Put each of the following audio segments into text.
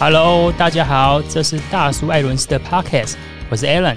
Hello，大家好，這是大叔艾倫斯的 Podcast，我是 Alan，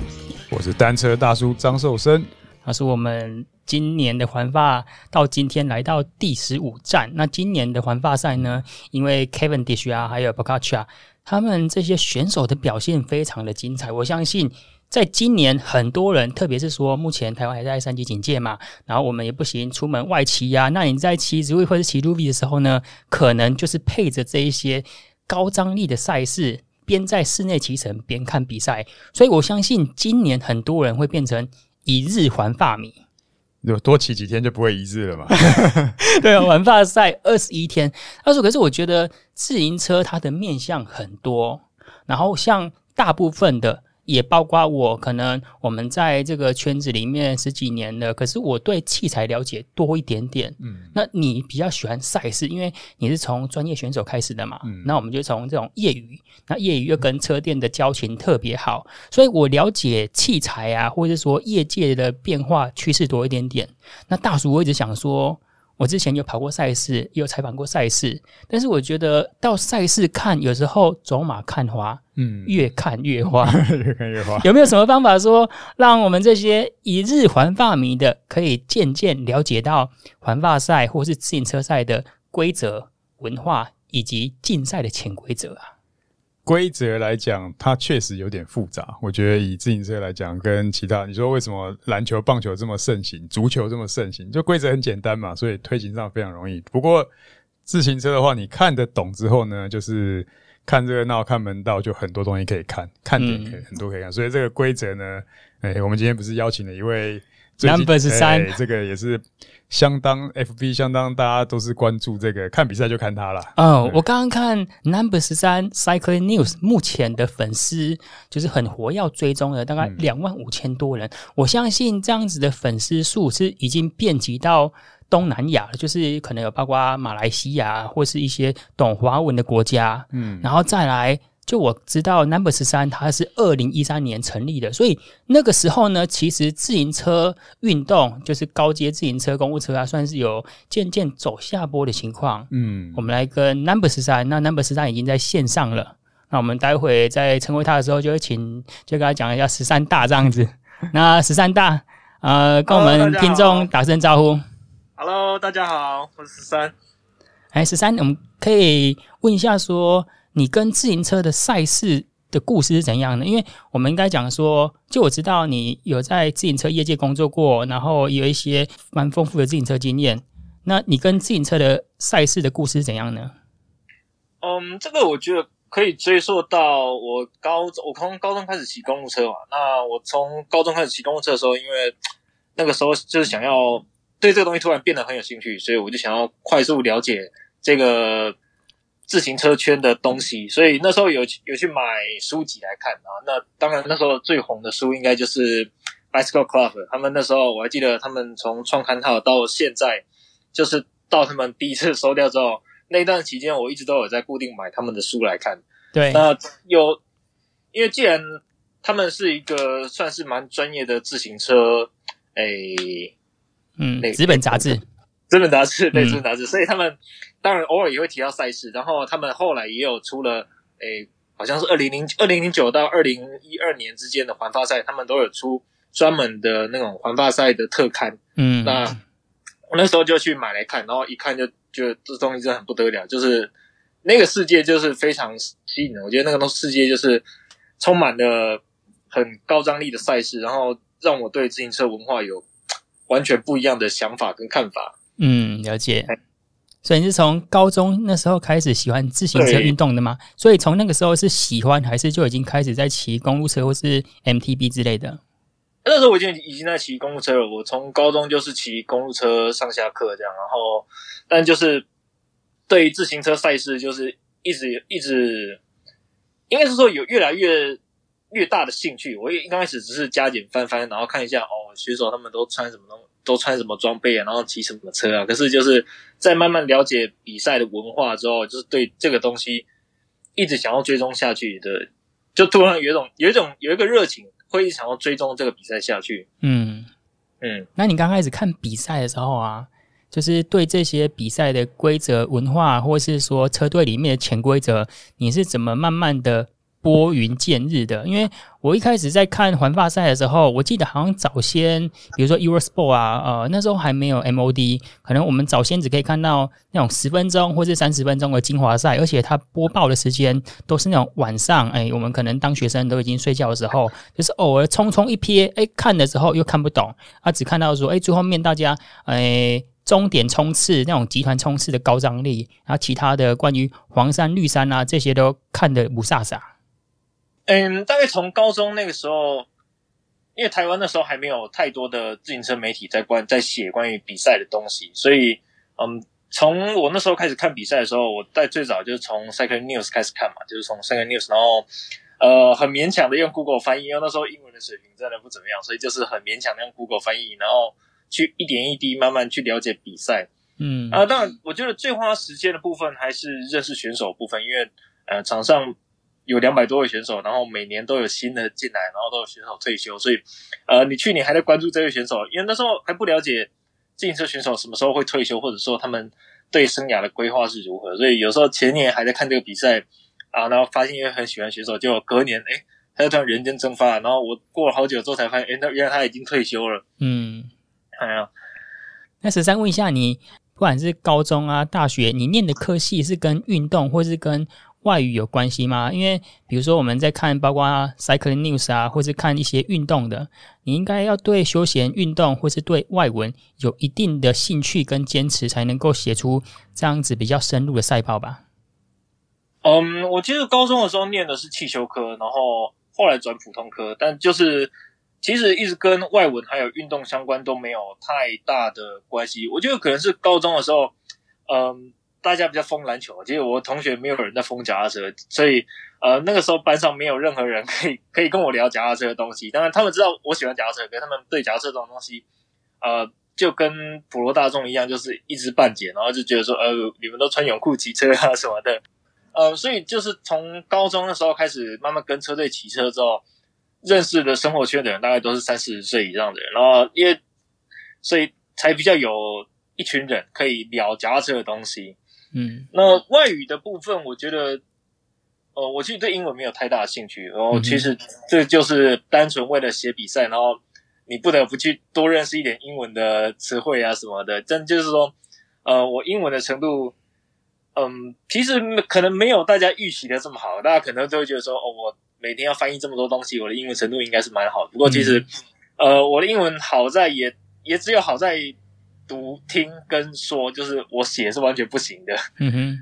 我是單車大叔張壽生。那是我們今年的環法到今天來到第十五站。那今年的環法賽呢，因為 Cavendish 啊，還有 Pogačar 他們這些選手的表現非常的精彩。我相信，在今年很多人，特別是說目前台灣還在三級警戒嘛，然後我們也不行出門外騎呀，啊。那你在騎 Zwift 或者騎 Rouvy 的時候呢，可能就是配着這一些。高張力的賽事，邊在室內騎乘邊看比賽，所以我相信今年很多人會變成一日環法迷，有多騎幾天就不會一日了嘛。 對啊，環法賽二十一天，但是，可是我覺得自行車它的面向很多，然後像大部分的。也包括我，可能我們在這個圈子裡面十幾年了，可是我對器材了解多一點點。嗯，那你比較喜歡賽事，因為你是從專業選手開始的嘛。嗯，那我們就從這種業餘，那業餘又跟車店的交情特別好，所以我了解器材啊，或者說業界的變化趨勢多一點點。那大叔，我一直想說。我之前有跑過賽事，也有採訪過賽事，但是我覺得到賽事看有時候走馬看花，嗯，越看越花，越看越花。有沒有什麼方法說，讓我們這些一日環法迷的，可以漸漸了解到環法賽或是自行車賽的規則、文化以及競賽的潛規則啊？規則來講，它確實有點複雜。我覺得以自行車來講，跟其他你說為什麼籃球、棒球這麼盛行，足球這麼盛行，就規則很簡單嘛，所以推行上非常容易。不過自行車的話，你看得懂之後呢，就是看熱鬧、看門道，就很多東西可以看，看點，很多可以看。所以這個規則呢，誒、欸、我們今天不是邀請了一位。Number 十三，這個也是相當 FB，相當大家都是關注這個，看比賽就看他啦。哦、oh, 對，我剛剛看 Number、no. 十三 Cycling News 目前的粉絲就是很活躍，追蹤了大概兩萬五千多人。嗯、我相信這樣子的粉絲數是已經遍及到東南亞了，就是可能有包括馬來西亞或是一些懂華文的國家。嗯，然後再來。就我知道，Number 十三它是二零一三年成立的，所以那個時候呢，其實自行車運動就是高階自行車、公路車啊，算是有漸漸走下坡的情況。嗯，我們來跟 Number 十三，那 Number 十三已經在線上了，那我們待會再稱呼他的時候就，就會請就跟他講一下十三大這樣子。 那十三大，呃，Hello, 跟我們聽眾打聲招呼。Hello，大家好，我是十三。哎，十三，我們可以問一下說。你跟自行車的賽事的故事是怎樣呢？因為我們應該講說，就我知道你有在自行車業界工作過，然後有一些蠻豐富的自行車經驗。那你跟自行車的賽事的故事是怎樣呢？嗯，這個我覺得可以追溯到我高中，我從高中開始騎公路車嘛。那我從高中開始騎公路車的時候，因為那個時候就是想要對這個東西突然變得很有興趣，所以我就想要快速了解這個。自行車圈的東西，所以那時候有有去買書籍來看啊。那當然，那時候最紅的書應該就是 Bicycle Club。他們那時候我還記得，他們從創刊號到現在，就是到他們第一次收掉之後，那一段期間我一直都有在固定買他們的書來看。對，那有，因為既然他們是一個算是蠻專業的自行車，哎、欸，嗯，那紙本雜誌。真的雜誌，對，真的雜誌，所以他們當然偶爾也會提到賽事，嗯、然後他們後來也有出了，誒，好像是二零零二零零九到二零一二年之間的環法賽，他們都有出專門的那種環法賽的特刊。嗯，那我那時候就去買來看，然後一看就就，這東西真的很不得了，就是那個世界就是非常吸引人，我覺得那個東世界就是充滿了很高張力的賽事，然後讓我對自行車文化有完全不一樣的想法跟看法。嗯，了解。所以你是從高中那時候開始喜歡自行車運動的嗎？對所以從那個時候是喜歡還是就已經開始在騎公路車或是 MTB 之類的？那時候我已經已經在騎公路車了。我從高中就是騎公路車上下課這樣，然後但就是對自行車賽事就是一直一直應該是說有越來越越大的興趣。我也一開始只是加減翻翻，然後看一下哦，選手他們都穿什麼東西。都穿什麼裝備啊，然後騎什麼車啊？可是就是在慢慢了解比賽的文化之後，就是對這個東西一直想要追蹤下去的，就突然有一種有一種有一個熱情，會想要追蹤這個比賽下去。嗯嗯，嗯那你剛開始看比賽的時候啊，就是對這些比賽的規則文化，或是說車隊裡面的潛規則，你是怎麼慢慢的？撥雲見日的，因為我一開始在看環法賽的時候，我記得好像早先，比如說 Eurosport 啊，呃，那時候還沒有 MOD，可能我們早先只可以看到那種十分鐘或是三十分鐘的精華賽，而且它播報的時間都是那種晚上，哎，我們可能當學生都已經睡覺的時候，就是偶爾匆匆一瞥，哎，看的時候又看不懂，他、啊、只看到說，哎，最後面大家，哎，終點衝刺那種集團衝刺的高張力，然後其他的關於黃衫、綠衫啊這些都看得霧煞煞。嗯，大概從高中那個時候，因為台灣那時候還沒有太多的自行車媒體在關，在寫關於比賽的東西，所以嗯，從我那時候開始看比賽的時候，我在最早就是從 Cycling News 開始看嘛，就是從 Cycling News，然後呃，很勉強的用 Google 翻譯，因為那時候英文的水平真的不怎麼樣，所以就是很勉強的用 Google 翻譯，然後去一點一滴慢慢去了解比賽。嗯，啊，當然，我覺得最花時間的部分還是認識選手的部分，因為呃，場上。有兩百多位選手，然後每年都有新的進來，然後都有選手退休，所以，呃，你去年還在關注這位選手，因為那時候還不了解自行車選手什麼時候會退休，或者說他們對生涯的規劃是如何，所以有時候前年還在看這個比賽啊，然後發現因為很喜歡選手，結果隔年誒，他就突然人間蒸發，然後我過了好久之後才發現，誒，原來他已經退休了。嗯，哎呀，那十三問一下你，不管是高中啊、大學，你念的科系是跟運動，或是跟外語有關係嗎？因為比如說我們在看包括 Cycling News 啊，或是看一些運動的，你應該要對休閒運動或是對外文有一定的興趣跟堅持，才能夠寫出這樣子比較深入的賽報吧。嗯，我其實高中的時候念的是汽修科，然後後來轉普通科，但就是其實一直跟外文還有運動相關都沒有太大的關係。我覺得可能是高中的時候，嗯。大家比較瘋籃球，其實我同學沒有人在瘋腳踏車，所以呃那個時候班上沒有任何人可以可以跟我聊腳踏車的東西。當然他們知道我喜歡腳踏車，可是他們對腳踏車這種東西，呃就跟普羅大眾一樣，就是一知半解，然後就覺得說呃你們都穿泳褲騎車啊什麼的，呃所以就是從高中的時候開始慢慢跟車隊騎車之後，認識的生活圈的人大概都是三四十歲以上的人，然後因為所以才比較有一群人可以聊腳踏車的東西。嗯，那外語的部分，我覺得，呃，我其實對英文沒有太大的興趣。然後，其實這就是單純為了寫比賽，然後你不得不去多認識一點英文的詞彙啊什麼的。真就是說，呃，我英文的程度，嗯、呃，其實可能沒有大家預期的這麼好。大家可能都會覺得說，哦、呃，我每天要翻譯這麼多東西，我的英文程度應該是蠻好的。不過其實，呃，我的英文好在也也只有好在。讀聽跟說，就是我寫是完全不行的。嗯哼，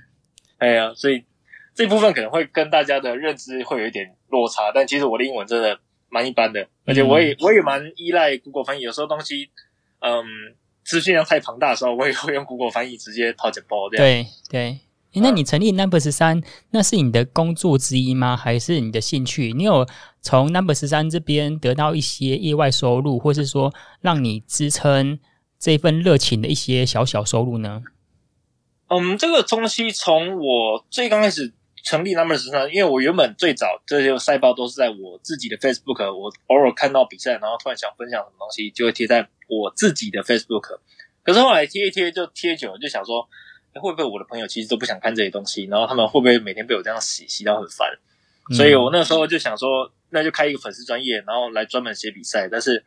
哎呀，所以這部分可能會跟大家的認知會有一點落差。但其實我的英文真的蠻一般的，而且我也、嗯、我也蠻依賴 Google 翻譯。有時候東西，嗯，資訊量太龐大的時候，我也會用 Google 翻譯直接套解包這樣。對對。那你成立 Number 十三，那是你的工作之一嗎？還是你的興趣？你有從 Number 十三這邊得到一些意外收入，或是說讓你支撐，這份熱情的一些小小收入呢？嗯，這個東西從我最剛開始成立 No.13 的時候，因為我原本最早這些賽報都是在我自己的 Facebook，我偶爾看到比賽，然後突然想分享什麼東西，就會貼在我自己的 Facebook。可是後來貼一貼就貼久了，就想說、欸、會不會我的朋友其實都不想看這些東西，然後他們會不會每天被我這樣洗洗到很煩？嗯、所以我那個時候就想說，那就開一個粉絲專業，然後來專門寫比賽，但是。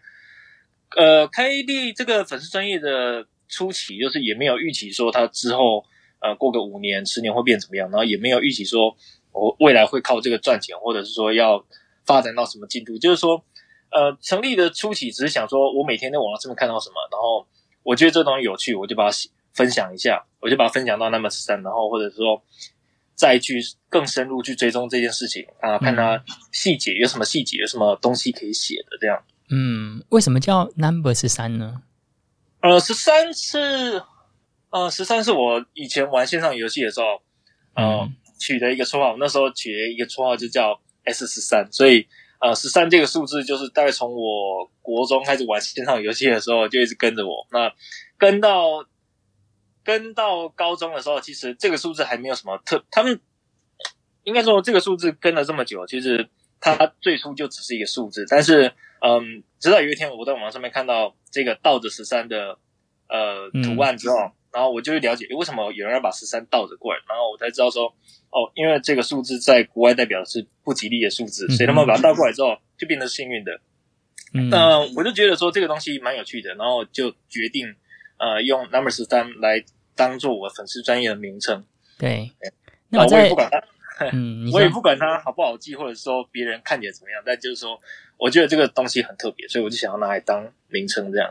呃，開立這個粉絲專業的初期，就是也沒有預期說他之後呃過個五年、十年會變怎麼樣，然後也沒有預期說我未來會靠這個賺錢，或者是說要發展到什麼進度。就是說，呃，成立的初期只是想說我每天在網上這邊看到什麼，然後我覺得這東西有趣，我就把它寫分享一下，我就把它分享到 No.13，然後或者說再去更深入去追蹤這件事情啊、呃，看它細節、嗯、有什麼細節，有什麼東西可以寫的這樣。嗯，為什麼叫 Number 十三呢？呃，13是，呃，十三是呃，十三是我以前玩線上遊戲的時候，呃、嗯，取的一個綽號。那時候取的一個綽號就叫 S 十三，所以呃，十三這個數字就是大概從我國中開始玩線上遊戲的時候就一直跟着我。那跟到跟到高中的時候，其實這個數字還沒有什麼特。他們應該說這個數字跟了這麼久，其實它最初就只是一個數字，但是。嗯，直到有一天我在網上面看到這個倒着十三的呃圖案之後，嗯、然後我就去了解，為什麼有人要把十三倒着過來，然後我才知道說，哦，因為這個數字在國外代表的是不吉利的數字，嗯、所以他們把它倒過來之後、嗯、就變得幸運的。嗯、那我就覺得說這個東西蠻有趣的，然後就決定呃用 number、no. 13來當做我粉絲專頁的名稱。對，嗯、那我,我也不在。嗯，我也不管它好不好記，或者說別人看起來怎麼樣，但就是說，我覺得這個東西很特別，所以我就想要拿來當名稱這樣。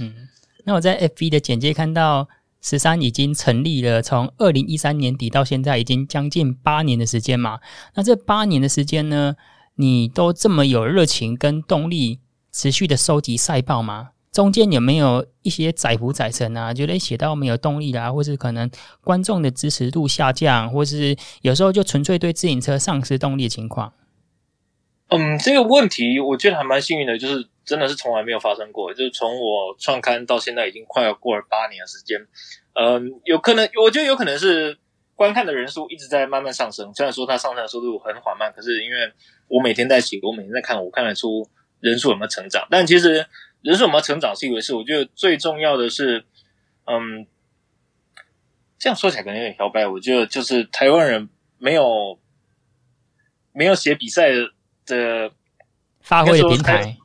嗯，那我在 FB 的簡介看到十三已經成立了，從二零一三年底到現在已經將近八年的時間嘛。那這八年的時間呢，你都這麼有熱情跟動力，持續的收集賽報嗎？中間有沒有一些載浮載沉啊？覺得寫到沒有動力啦、啊，或是可能觀眾的支持度下降，或是有時候就純粹對自行車喪失動力的情況。嗯，這個問題我覺得還蠻幸運的，就是真的是從來沒有發生過。就是從我創刊到現在，已經快要過了八年的時間。嗯，有可能我覺得有可能是觀看的人數一直在慢慢上升，雖然說它上升的速度很緩慢，可是因為我每天在寫，我每天在看，我看得出人數有沒有成長。但其實。人是我們要成長，是一回事，我覺得最重要的是，嗯，這樣說起來可能有點小白。我覺得就是台灣人沒有沒有寫比賽的發揮平台，台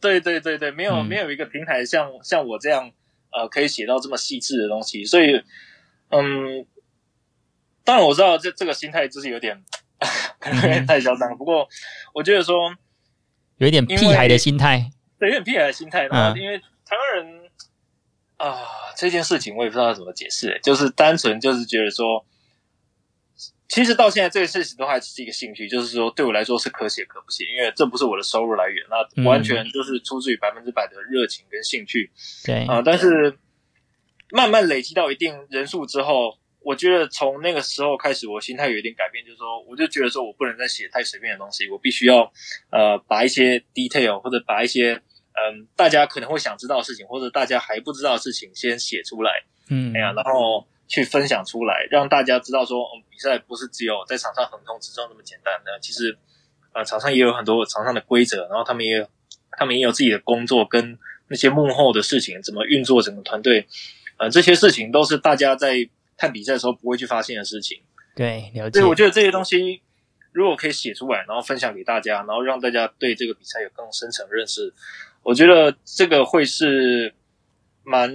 對，對對對對，沒有、嗯、沒有一個平台像像我這樣呃，可以寫到這麼細緻的東西。所以，嗯，當然我知道這這個心態就是有點可能有點太囂張，嗯嗯，不過我覺得說有一點屁孩的心態。有點偏愛的心態，因為台灣人啊，啊，這件事情我也不知道怎麼解釋，就是單純就是覺得說，其實到現在這個事情都還是一個興趣，就是說對我來說是可寫可不寫，因為這不是我的收入來源，那完全就是出自於百分之百的熱情跟興趣。對、嗯、啊，對，但是慢慢累積到一定人數之後，我覺得從那個時候開始，我心態有一點改變，就是說，我就覺得說我不能再寫太隨便的東西，我必須要呃把一些 detail 或者把一些嗯，大家可能會想知道的事情，或者大家還不知道的事情，先寫出來，嗯，哎呀，然後去分享出來，讓大家知道說，哦，比賽不是只有在場上橫衝直撞那麼簡單的。其實，呃，場上也有很多場上的規則，然後他們也有他們也有自己的工作跟那些幕後的事情，怎麼運作整個團隊，呃，這些事情都是大家在看比賽的時候不會去發現的事情。對，了解。所以我覺得這些東西如果可以寫出來，然後分享給大家，然後讓大家對這個比賽有更深層認識。我覺得這個會是蠻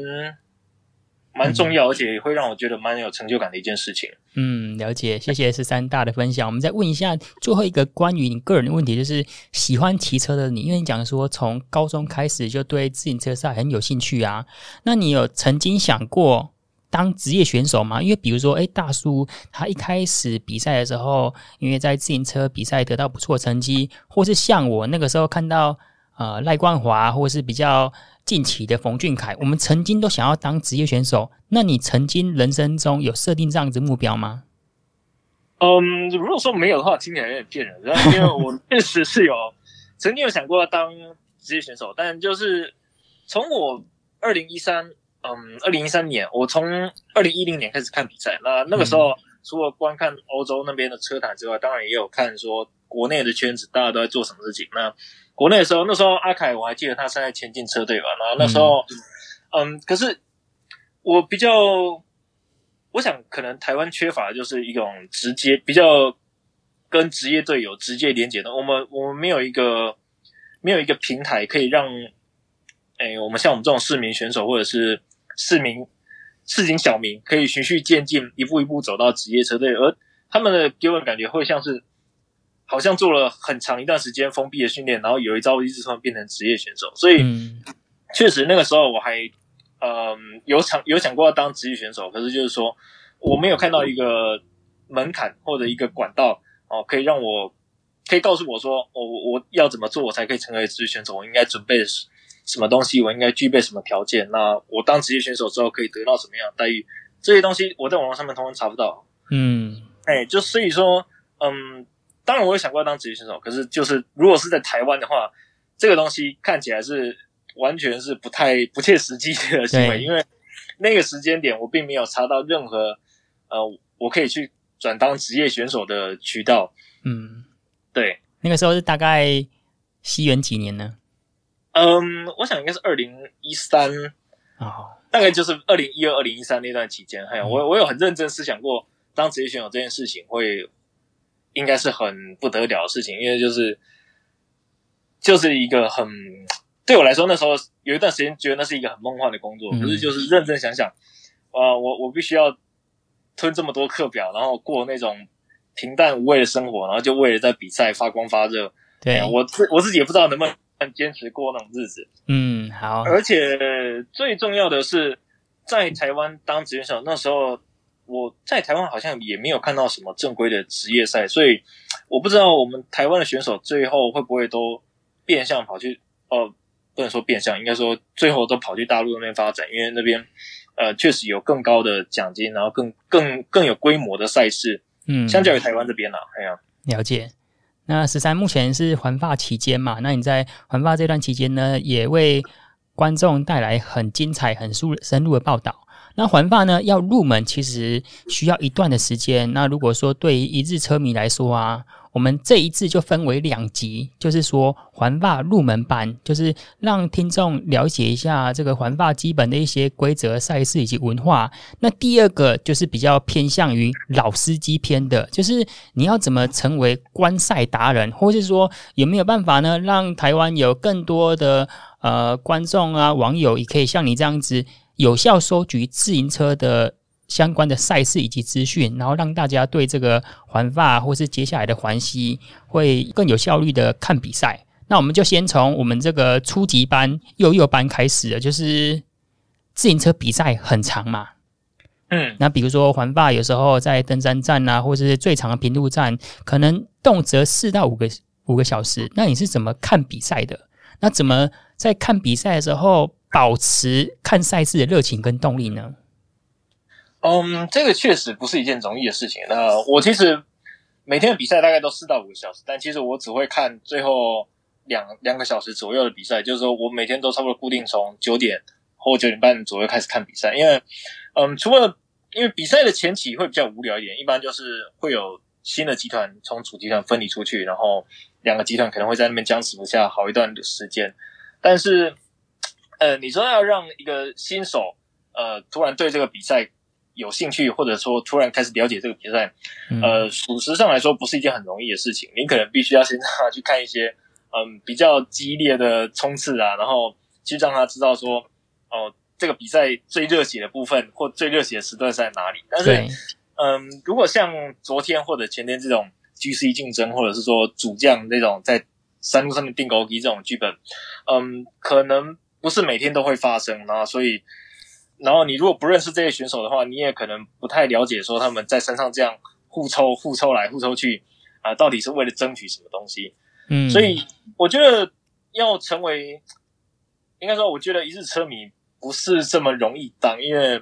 蠻重要，而且也會讓我覺得蠻有成就感的一件事情。嗯，了解，謝謝十三大的分享。我們再問一下最後一個關於你個人的問題，就是喜歡騎車的你，因為你講說從高中開始就對自行車賽很有興趣啊。那你有曾經想過當職業選手嗎？因為比如說，誒，大叔他一開始比賽的時候，因為在自行車比賽得到不錯的成績，或是像我那個時候看到。呃，賴冠華或是比較近期的馮俊凱，我們曾經都想要當職業選手。那你曾經人生中有設定這樣子目標嗎？嗯，如果說沒有的話，聽起來有點騙人，因為我確實是有 曾經有想過要當職業選手，但就是從我二零一三，嗯，二零一三年，我從二零一零年開始看比賽。那那個時候，除了觀看歐洲那邊的車壇之外，當然也有看說國內的圈子大家都在做什麼事情。那國內的時候，那時候阿凱我還記得他是在前進車隊吧，啊？那那時候，嗯，嗯，可是我比較，我想可能台灣缺乏的就是一種直接比較跟職業隊友直接連接的。我們我們沒有一個沒有一個平台可以讓，哎，我們像我們這種市民選手或者是市民市井小民可以循序漸進，一步一步走到職業車隊，而他們的給我感覺會像是。好像做了很長一段時間封閉的訓練，然後有一招，一直說變成職業選手。所以，嗯、確實那個時候我還，嗯、呃，有想有想過要當職業選手，可是就是說，我沒有看到一個門檻或者一個管道哦、呃，可以讓我，可以告訴我說，我、哦、我要怎麼做，我才可以成為職業選手？我應該準備什麼東西？我應該具備什麼條件？那我當職業選手之後可以得到什麼樣的待遇？這些東西我在網絡上面通常查不到。嗯，哎，就所以說，嗯。當然，我有想過當職業選手，可是就是如果是在台灣的話，這個東西看起來是完全是不太不切實際的行為，對因為那個時間點我並沒有查到任何呃我可以去轉當職業選手的渠道。嗯，對，那個時候是大概西元幾年呢？嗯，我想應該是二零一三哦，大概就是二零一二、二零一三那段期間。還有，嗯、我我有很認真思想過當職業選手這件事情會。應該是很不得了的事情，因為就是就是一個很對我來說，那時候有一段時間覺得那是一個很夢幻的工作，嗯、可是就是認真想想啊，我我必須要吞這麼多課表，然後過那種平淡無味的生活，然後就為了在比賽發光發熱。對、嗯、我自我自己也不知道能不能堅持過那種日子。嗯，好。而且最重要的是，在台灣當職業選手那時候。我在台灣好像也沒有看到什麼正規的職業賽，所以我不知道我們台灣的選手最後會不會都變相跑去哦、呃，不能說變相，應該說最後都跑去大陸那邊發展，因為那邊呃確實有更高的獎金，然後更更更有規模的賽事，嗯，相較於台灣這邊呢、啊，哎呀、啊，了解。那十三目前是環法期間嘛？那你在環法這段期間呢，也為觀眾帶來很精彩、很深深入的報道。那環法呢，要入門其實需要一段的時間。那如果說對於一日車迷來說啊，我們這一次就分為兩集，就是說環法入門班，就是讓聽眾了解一下這個環法基本的一些規則、賽事以及文化。那第二個就是比較偏向於老司機篇的，就是你要怎麼成為觀賽達人，或是說有沒有辦法呢，讓台灣有更多的呃觀眾啊、網友也可以像你這樣子。有效收集自行車的相關的賽事以及資訊，然後讓大家對這個環法或是接下來的環西會更有效率的看比賽。那我們就先從我們這個初級班、幼幼班開始的，就是自行車比賽很長嘛。嗯，那比如說環法有時候在登山站啊，或是最長的平路站，可能動輒四到五個五個小時。那你是怎麼看比賽的？那怎麼在看比賽的時候，保持看賽事的熱情跟動力呢？嗯，um, 這個確實不是一件容易的事情。那我其實每天的比賽大概都四到五個小時，但其實我只會看最後兩兩個小時左右的比賽。就是說我每天都差不多固定從九點或九點半左右開始看比賽，因為嗯，除了因為比賽的前期會比較無聊一點，一般就是會有新的集團從主集團分離出去，然後兩個集團可能會在那邊僵持不下好一段的時間，但是。呃，你說要讓一個新手呃突然對這個比賽有興趣，或者說突然開始了解這個比賽，嗯、呃，屬實上來說不是一件很容易的事情。你可能必須要先讓他去看一些嗯、呃、比較激烈的衝刺啊，然後去讓他知道說哦、呃，這個比賽最熱血的部分或最熱血的時段是在哪裡。但是嗯對、呃，如果像昨天或者前天這種 GC 競爭，或者是說主將那種在山路上面釘孤枝這種劇本，嗯、呃，可能。不是每天都會發生，啊，然後所以，然後你如果不認識這些選手的話，你也可能不太了解說他們在山上這樣互抽、互抽來、互抽去啊，呃，到底是為了爭取什麼東西？嗯，所以我覺得要成為，應該說，我覺得一日車迷不是這麼容易當，因為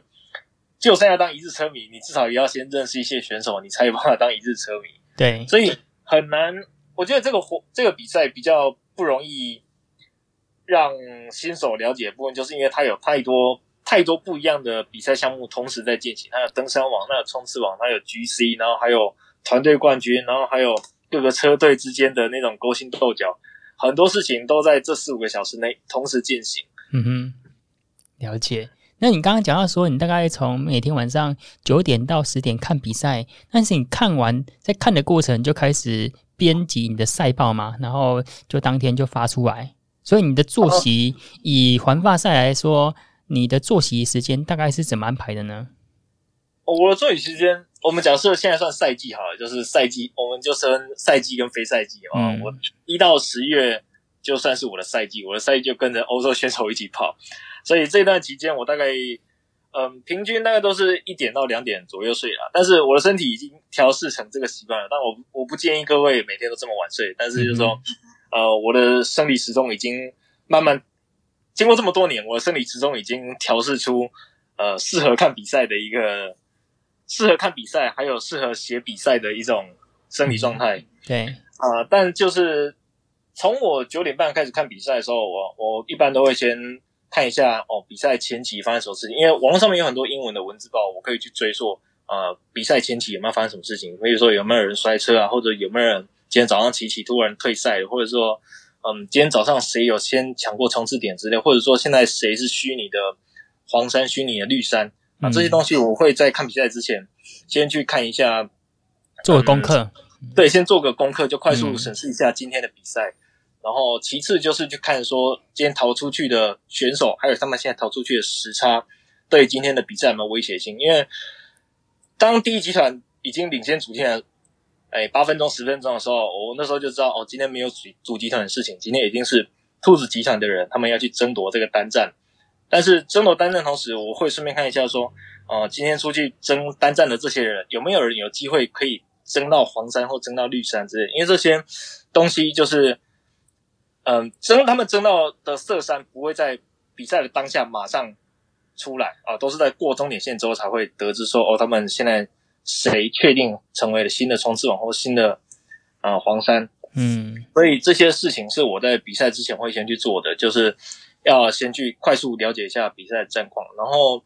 就算要當一日車迷，你至少也要先認識一些選手，你才有辦法當一日車迷。對，所以很難。我覺得這個活，這個比賽比較不容易，讓新手了解的部分，就是因為他有太多太多不一樣的比賽項目同時在進行。他有登山王，他有衝刺王，他有 GC，然後還有團隊冠軍，然後還有各個車隊之間的那種勾心鬥角，很多事情都在這四五個小時內同時進行。嗯哼，了解。那你剛剛講到說，你大概從每天晚上九點到十點看比賽，但是你看完，在看的過程就開始編輯你的賽報嘛，然後就當天就發出來。所以你的作息，哦，以環法賽來說，你的作息時間大概是怎麼安排的呢？我的作息時間，我們假設現在算賽季好了，就是賽季，我們就分賽季跟非賽季啊。嗯、我一到十月就算是我的賽季，我的賽季就跟着歐洲選手一起跑，所以這段期間我大概嗯，平均大概都是一點到兩點左右睡了。但是我的身體已經調適成這個習慣了，但我我不建議各位每天都這麼晚睡，但是就是說。嗯呃，我的生理時鐘已經慢慢經過這麼多年，我的生理時鐘已經調試出呃適合看比賽的一個適合看比賽，還有適合寫比賽的一種生理狀態。對啊。呃，但就是從我九點半開始看比賽的時候，我我一般都會先看一下哦，比賽前期發生什麼事情，因為網絡上面有很多英文的文字報，我可以去追溯啊，呃，比賽前期有沒有發生什麼事情，比如說有沒有人摔車啊，或者有沒有人。今天早上琪琪突然退賽，或者說，嗯，今天早上誰有先搶過衝刺點之類，或者說現在誰是虛擬的黃衫、虛擬的綠衫、嗯、啊，這些東西我會在看比賽之前先去看一下，做個功課、嗯。對，先做個功課，就快速審視一下今天的比賽。嗯、然後其次就是去看說今天逃出去的選手，還有他們現在逃出去的時差，對今天的比賽有沒有威脅性？因為當第一集團已經領先組建了，每八、欸、分鐘、十分鐘的時候，我那時候就知道，哦，今天沒有主主集團的事情，今天一定是兔子集團的人，他們要去爭奪這個單站。但是爭奪單站同時，我會順便看一下，說，呃，今天出去爭單站的這些人，有沒有人有機會可以爭到黃衫或爭到綠衫之類的？因為這些東西就是，嗯、呃，爭他們爭到的色衫不會在比賽的當下馬上出來啊、呃，都是在過終點線之後才會得知說，哦，他們現在。誰確定成為了新的衝刺王或新的啊、呃、黃衫？嗯，所以這些事情是我在比賽之前會先去做的，就是要先去快速了解一下比賽的戰況。然後，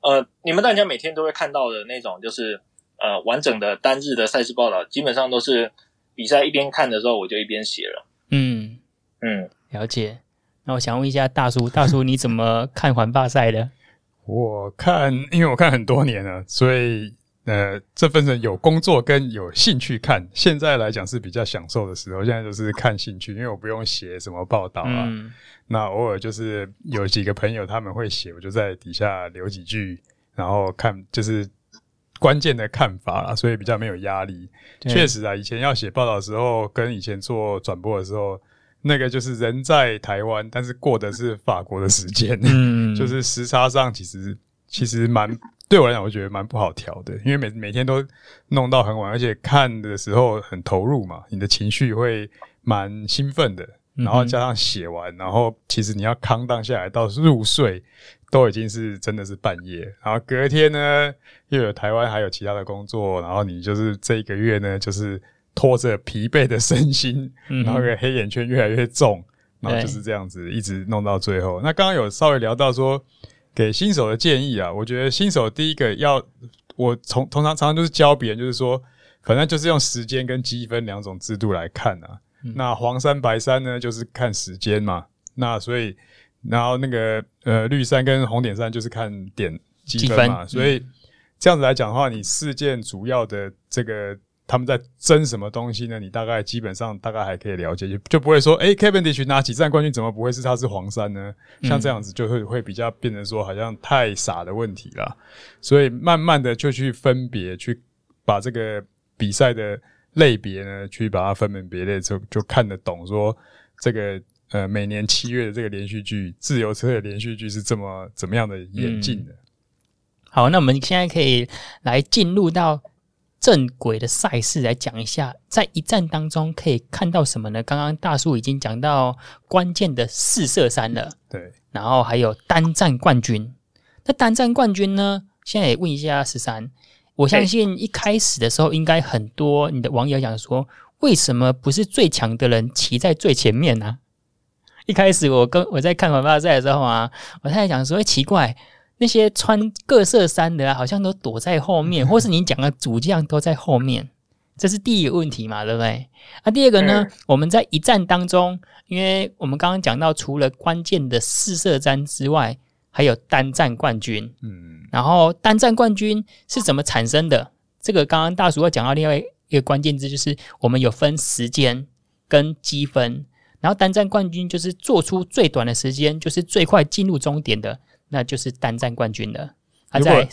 呃，你們大家每天都會看到的那種，就是呃完整的單日的賽事報道，基本上都是比賽一邊看的時候，我就一邊寫了。嗯嗯，嗯了解。那我想問一下大叔，大叔你怎麼看環法賽的？ 我看，因為我看很多年了，所以。呃，這分成有工作跟有興趣看。現在來講是比較享受的時候，現在就是看興趣，因為我不用寫什麼報道啊。嗯、那偶爾就是有幾個朋友他們會寫，我就在底下留幾句，然後看就是關鍵的看法了，啊，所以比較沒有壓力。嗯、確實啊，以前要寫報道的時候，跟以前做轉播的時候，那個就是人在台灣，但是過的是法國的時間，嗯、就是時差上其實其實蠻。對我來講，我覺得蠻不好調的，因為每每天都弄到很晚，而且看的時候很投入嘛，你的情緒會蠻興奮的。然後加上寫完，然後其實你要康盪下來到入睡，都已經是真的是半夜。然後隔天呢，又有台灣還有其他的工作，然後你就是這一個月呢，就是拖着疲憊的身心，然後那個黑眼圈越來越重，然後就是這樣子一直弄到最後。欸、那剛剛有稍微聊到說。給新手的建議啊，我覺得新手第一個要，我從通常常常就是教別人，就是說，可能就是用時間跟積分兩種制度來看啊。嗯、那黃衫白衫呢，就是看時間嘛。那所以，然後那個呃綠衫跟紅點衫就是看點積分嘛。積分。所以這樣子來講的話，你事件，主要的這個。他們在爭什麼東西呢？你大概基本上大概還可以了解，就就不會說，哎、欸、，Cavendish 拿幾站冠軍，怎麼不會是他是黃衫呢？像這樣子就會會比較變成說好像太傻的問題了。嗯、所以慢慢的就去分別去把這個比賽的類別呢，去把它分門別類，就就看得懂說這個呃每年七月的這個連續劇自由車的連續劇是這麼怎麼樣的演進的、嗯。好，那我們現在可以來進入到。正軌的賽事來講一下，在一站當中可以看到什麼呢？剛剛大叔已經講到關鍵的四色衫了，對，然後還有單站冠軍。那單站冠軍呢？現在也問一下十三，我相信一開始的時候，應該很多你的網友想說，對為什麼不是最強的人騎在最前面呢？啊？一開始我跟我在看環法賽的時候啊，我太太講說、欸，奇怪。那些穿各色衫的啊，好像都躲在後面，嗯、或是你講的主將都在後面，這是第一個問題嘛，對不對？那、啊、第二個呢？嗯、我們在一站當中，因為我們剛剛講到，除了關鍵的四色衫之外，還有單站冠軍。嗯，然後單站冠軍是怎麼產生的？這個剛剛大叔要講到另外一個關鍵字，就是我們有分時間跟積分。然後單站冠軍就是做出最短的時間，就是最快進入終點的，那就是單站冠軍了。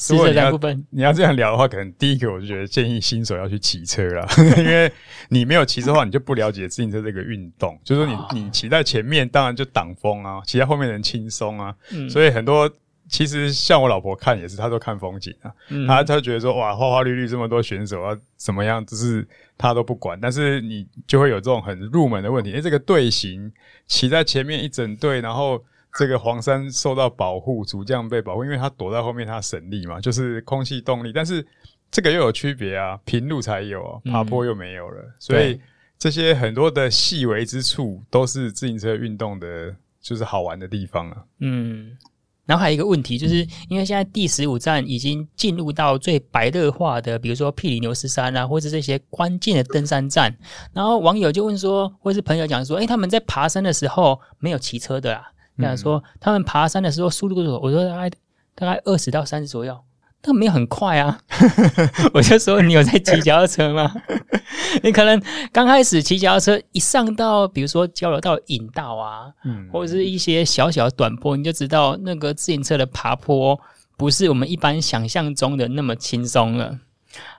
如果部分。你要這樣聊的話，可能第一個我就覺得建議新手要去騎車啊 因為你沒有騎車的話，你就不了解自行車這個運動。 就是你你騎在前面，當然就擋風啊；騎在後面人輕鬆啊。嗯，所以很多。其實像我老婆看也是，她都看風景啊。嗯、哼她她覺得說哇，花花綠綠這麼多選手啊，怎麼樣，就是她都不管。但是你就會有這種很入門的問題，哎、欸，這個隊形，騎在前面一整隊，然後這個黃衫受到保護，主將被保護，因為他躲在後面，他省力嘛，就是空氣動力。但是這個又有區別啊，平路才有，啊，爬坡又沒有了。嗯、所以對這些很多的細微之處都是自行車運動的，就是好玩的地方啊。嗯。然後還有一個問題，就是因為現在第十五站已經進入到最白熱化的，比如說庇里牛斯山啊，或者這些關鍵的登山站。然後網友就問說，或是朋友講說，誒，他們在爬山的時候沒有騎車的啦，這樣說他們爬山的時候速度多少，多我說大概，大概二十到三十左右。但沒有很快啊， 我就說你有在騎腳踏車嗎？ 你可能剛開始騎腳踏車，一上到比如說交流道引道啊，嗯，或者是一些小小的短坡，你就知道那個自行車的爬坡不是我們一般想象中的那麼輕鬆了。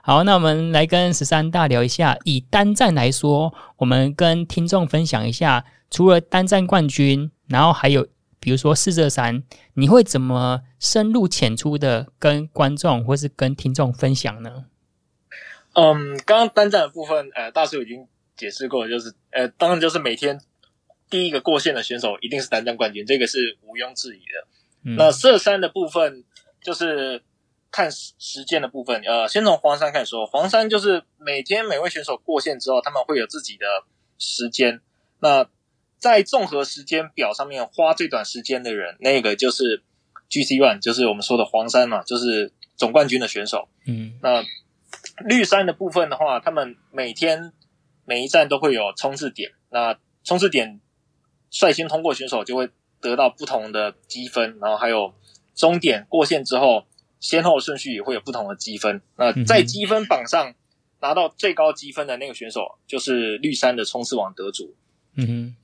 好，那我們來跟十三大聊一下，以單站來說，我們跟聽眾分享一下，除了單站冠軍，然後還有。比如說四色衫，你會怎麼深入淺出的跟觀眾或是跟聽眾分享呢？嗯，剛剛單站的部分，呃，大叔已經解釋過，就是呃，當然就是每天第一個過線的選手一定是單站冠軍，這個是毋庸置疑的。嗯、那色衫的部分就是看時間的部分，呃，先從黃衫開始說，黃衫就是每天每位選手過線之後，他們會有自己的時間，那。在綜合時間表上面花最短時間的人，那個就是 GC One，就是我們說的黃衫嘛，就是總冠軍的選手。嗯，那綠衫的部分的話，他們每天每一站都會有衝刺點，那衝刺點率先通過選手就會得到不同的積分，然後還有終點過線之後，先後順序也會有不同的積分。那在積分榜上拿到最高積分的那個選手，就是綠衫的衝刺王得主。嗯，嗯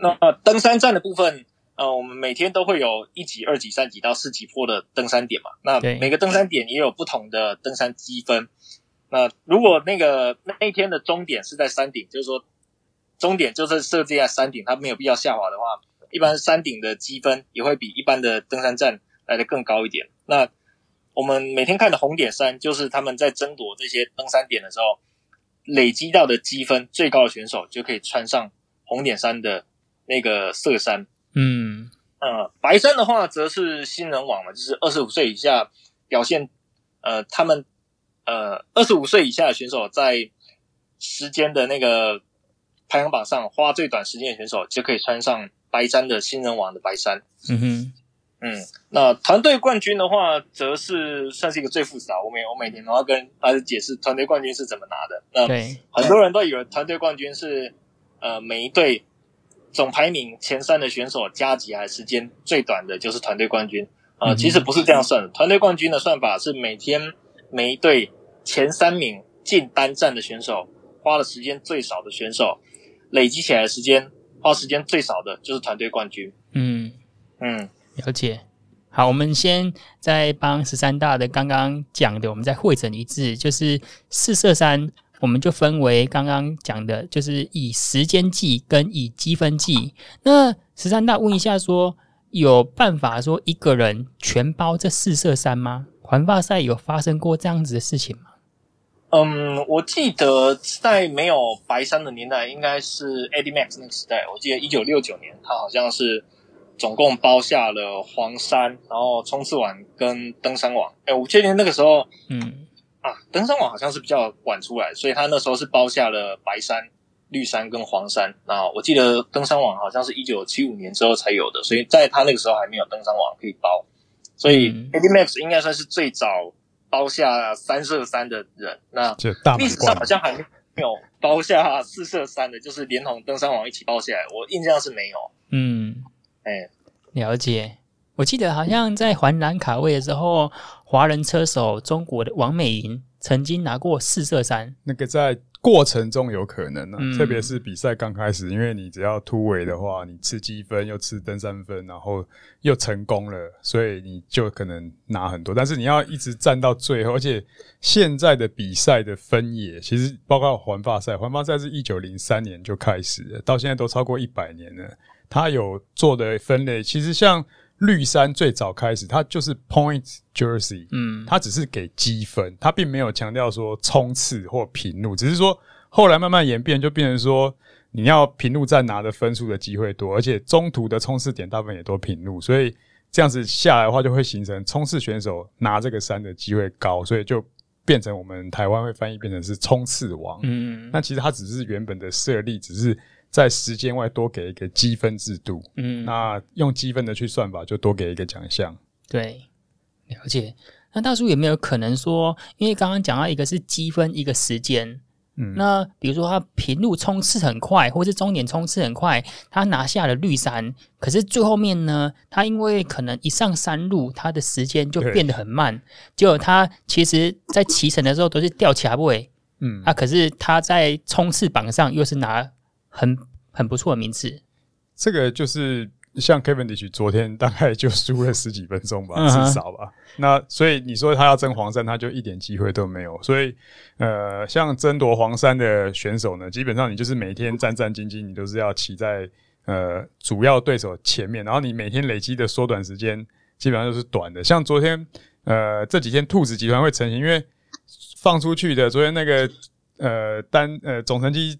那登山站的部分，呃，我們每天都會有一級、二級、三級到四級坡的登山點嘛。那每個登山點也有不同的登山積分。那如果那個那一天的終點是在山頂，就是說終點就是設置在山頂，它沒有必要下滑的話，一般山頂的積分也會比一般的登山站來得更高一點。那我們每天看的紅點衫，就是他們在爭奪這些登山點的時候，累積到的積分最高的選手就可以穿上紅點衫的。那個色衫，嗯，呃，白衫的話，則是新人王嘛，就是二十五歲以下表現，呃，他們，呃，二十五歲以下的選手在時間的那個排行榜上花最短時間的選手，就可以穿上白衫的新人王的白衫。嗯嗯哼嗯，那團隊冠軍的話，則是算是一個最複雜，我每我每天都要跟大家解釋團隊冠軍是怎麼拿的。那很多人都以為團隊冠軍是呃每一隊。總排名前三的選手加起來時間最短的，就是團隊冠軍啊，呃！其實不是這樣算的，團隊冠軍的算法是每天每一隊前三名進單站的選手花了時間最少的選手，累積起來的時間花時間最少的，就是團隊冠軍。嗯嗯，了解。好，我們先在幫十三大的剛剛講的，我們再彙整一次，就是四色衫。我們就分為剛剛講的，就是以時間計跟以積分計。那十三大問一下說，有辦法說一個人全包這四色衫嗎？環法賽有發生過這樣子的事情嗎？嗯，我記得在沒有白衫的年代，應該是 Eddy Merckx 那個時代，我記得一九六九年，他好像是總共包下了黃衫，然後衝刺王跟登山王。哎、欸，我記得那個時候，嗯。啊，登山王好像是比較晚出來，所以他那時候是包下了白山、綠山跟黃山。那我記得登山王好像是一九七五年之後才有的，所以在他那個時候還沒有登山王可以包，所以 Eddy Merckx 應該算是最早包下三色山的人。那歷史上好像還沒有包下四色山的，就是連同登山王一起包下來，我印象是沒有。嗯，哎、欸，了解。我記得好像在環蘭卡威的時候，華人車手中國的王美銀曾經拿過四色山。那個在過程中有可能呢、啊，嗯、特別是比賽剛開始，因為你只要突圍的話，你吃積分又吃登山分，然後又成功了，所以你就可能拿很多。但是你要一直站到最後，而且現在的比賽的分野其實包括環法賽，環法賽是一九零三年就開始的，到現在都超過一百年了。它有做的分類，其實像。綠山最早開始，它就是 Point Jersey，嗯，它只是給積分，它並沒有強調說衝刺或平路，只是說後來慢慢演變就變成說，你要平路站拿的分數的機會多，而且中途的衝刺點大部分也都平路，所以這樣子下來的話，就會形成衝刺選手拿這個山的機會高，所以就變成我們台灣會翻譯變成是衝刺王，嗯，那其實它只是原本的設立，只是。在時間外多給一個積分制度，嗯，那用積分的去算法就多給一個獎項。對，了解。那大叔有沒有可能說，因為剛剛講到一個是積分，一個時間，嗯，那比如說他平路衝刺很快，或是終點衝刺很快，他拿下了綠衫，可是最後面呢，他因為可能一上山路，他的時間就變得很慢，對結果他其實，在騎乘的時候都是掉卡位，嗯，啊，可是他在衝刺榜上又是拿。很很不錯的名次，這個就是像 Kevin Dick 昨天大概就輸了十幾分鐘吧，至 少吧。Uh huh、那所以你說他要爭黃衫，他就一點機會都沒有。所以呃，像爭奪黃衫的選手呢，基本上你就是每天戰戰兢兢，你都是要騎在呃主要對手前面，然後你每天累積的縮短時間基本上都是短的。像昨天呃這幾天兔子集團會成型，因為放出去的昨天那個呃單呃總成績。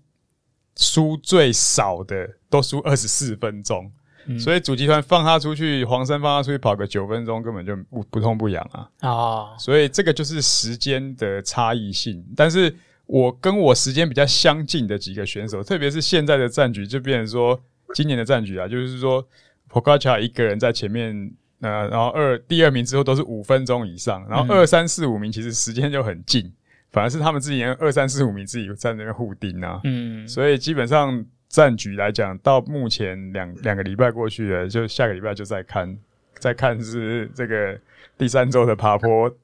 輸最少的都輸二十四分鐘，嗯、所以主集團放他出去，黃衫放他出去跑個九分鐘，根本就不不痛不癢啊。啊、哦，所以這個就是時間的差異性。但是我跟我時間比較相近的幾個選手，特別是現在的戰局，就變成說今年的戰局啊，就是說普卡喬一個人在前面，呃，然後二第二名之後都是五分鐘以上，然後二、嗯、三四五名其實時間就很近。反而是他們自己二三四五名自己在那邊互頂啊，嗯，所以基本上戰局來講，到目前兩兩個禮拜過去了，就下個禮拜就再看，再看是，是這個第三周的爬坡，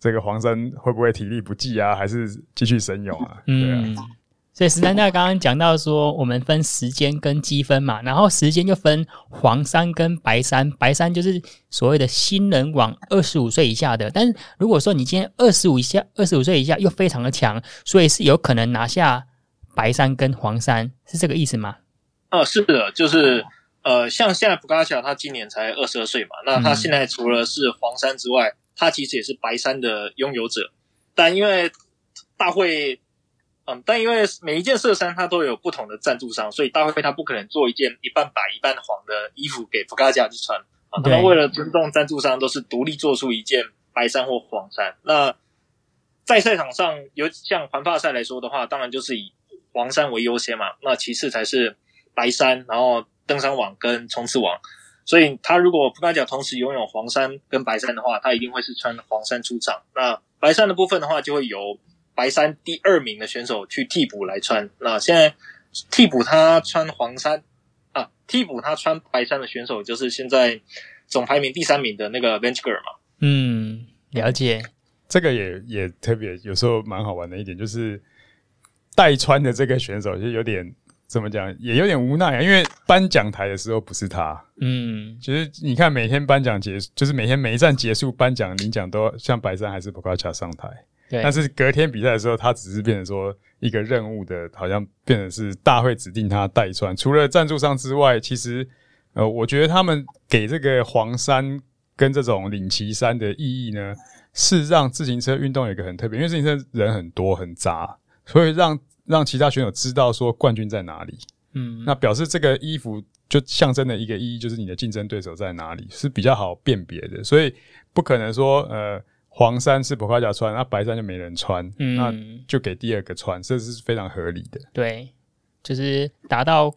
這個黃衫會不會體力不濟啊，還是繼續神勇啊？對啊。嗯所以十三大剛剛講到說，我們分時間跟積分嘛，然後時間就分黃山跟白山，白山就是所謂的新人王，二十五歲以下的。但是如果說你今天二十五以下，二十五歲以下又非常的強，所以是有可能拿下白山跟黃山，是這個意思嗎？呃，是的，就是呃，像現在波加查他今年才二十二歲嘛，那他現在除了是黃山之外，他其實也是白山的擁有者，但因為大會。嗯，但因為每一件色衫它都有不同的贊助商，所以大會他不可能做一件一半白一半黃的衣服給福卡家去穿啊。他們對為了尊重贊助商，都是獨立做出一件白衫或黃衫。那在賽場上，尤像環法賽來說的話，當然就是以黃衫為優先嘛。那其次才是白衫，然後登山王跟衝刺王。所以他如果福卡家同時擁有黃衫跟白衫的話，他一定會是穿黃衫出場。那白衫的部分的話，就會由。白衫第二名的選手去替補來穿，那現在替補他穿黃衫啊，替補他穿白衫的選手就是現在總排名第三名的那個 Evenepoel 嘛。嗯，了解。這個也也特別有時候蠻好玩的一點，就是代穿的這個選手就有點怎麼講，也有點無奈啊，因為頒獎台的時候不是他。嗯，其實你看每天頒獎結束，就是每天每一站結束頒獎領獎都像白衫還是博卡恰上台。對但是隔天比賽的時候，他只是變成說一個任務的，好像變成是大會指定他代穿。除了贊助商之外，其實呃，我覺得他們給這個黃衫跟這種領騎衫的意義呢，是讓自行車運動有一個很特別，因為自行車人很多很雜，所以讓讓其他選手知道說冠軍在哪裡。嗯，那表示這個衣服就象徵的一個意義就是你的競爭對手在哪裡，是比較好辨別的。所以不可能說呃。黃衫是 Pogačar 穿，那、啊、白衫就沒人穿。嗯、那就給第二個穿，這是非常合理的。對，就是達到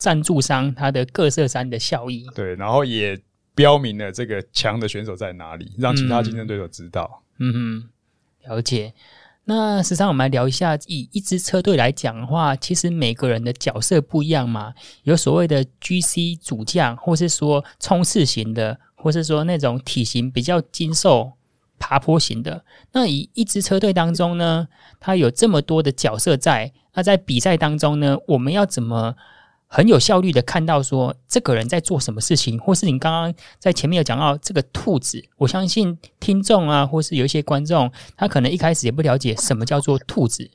贊助商他的各色衫的效益。對，然後也標明了這個強的選手在哪裡，讓其他競爭對手知道嗯。嗯哼，了解。那實際上我們來聊一下，以一支車隊來講的話，其實每個人的角色不一樣嘛，有所謂的 GC 主將，或是說衝刺型的，或是說那種體型比較精瘦。爬坡型的，那以一支車隊當中呢，它有這麼多的角色在。那在比賽當中呢，我們要怎麼很有效率的看到說這個人在做什麼事情？或是你剛剛在前面有講到這個兔子，我相信聽眾啊，或是有一些觀眾，他可能一開始也不了解什麼叫做兔子。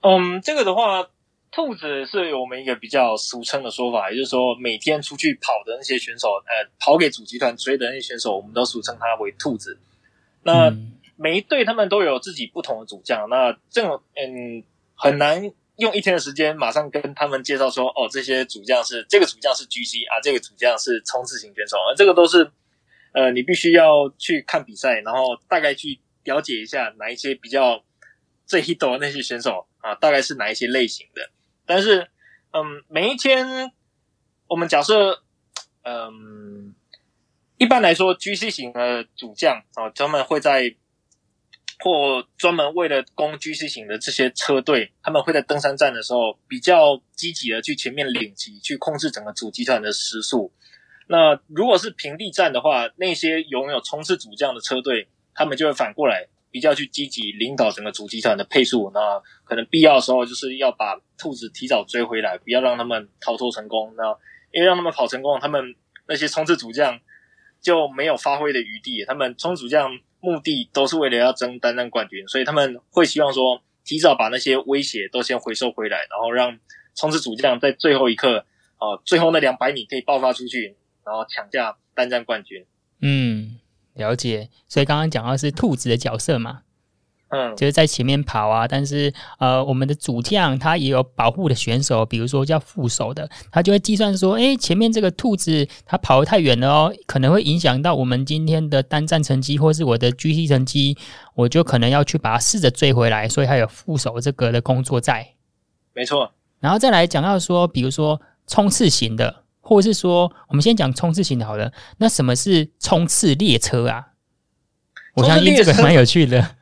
嗯，這個的話，兔子是我們一個比較俗稱的說法，也就是說每天出去跑的那些選手，呃，跑給主集團追的那些選手，我們都俗稱他為兔子。那每一隊他們都有自己不同的主將，那這種嗯很難用一天的時間馬上跟他們介紹說哦，這些主將是這個主將是 GC 啊，這個主將是衝刺型選手，這個都是呃你必須要去看比賽，然後大概去了解一下哪一些比較最 hit 的那些選手啊，大概是哪一些類型的。但是嗯，每一天我們假設嗯。一般來說，G C 型的主將啊，他們會在或專門為了攻 G C 型的這些車隊，他們會在登山站的時候比較積極的去前面領騎，去控制整個主集團的時速。那如果是平地站的話，那些擁有衝刺主將的車隊，他們就會反過來比較去積極領導整個主集團的配速。那可能必要的時候，就是要把兔子提早追回來，不要讓他們逃脫成功。那因為讓他們跑成功，他們那些衝刺主將。就沒有發揮的餘地。他們衝刺主將目的都是為了要爭單站冠軍，所以他們會希望說，提早把那些威脅都先回收回來，然後讓衝刺主將在最後一刻，哦、呃，最後那兩百米可以爆發出去，然後搶下單站冠軍。嗯，了解。所以剛剛講到是兔子的角色嘛。嗯，就是在前面跑啊，但是呃，我們的主將他也有保護的選手，比如說叫副手的，他就會計算說，誒、欸，前面這個兔子它跑得太遠了哦，可能會影響到我們今天的單站成績，或是我的 GC 成績，我就可能要去把它試着追回來，所以它有副手這個的工作在。沒錯，然後再來講到說，比如說衝刺型的，或者是說我們先講衝刺型的好了，那什麼是衝刺列車啊？車我相信這個蠻有趣的。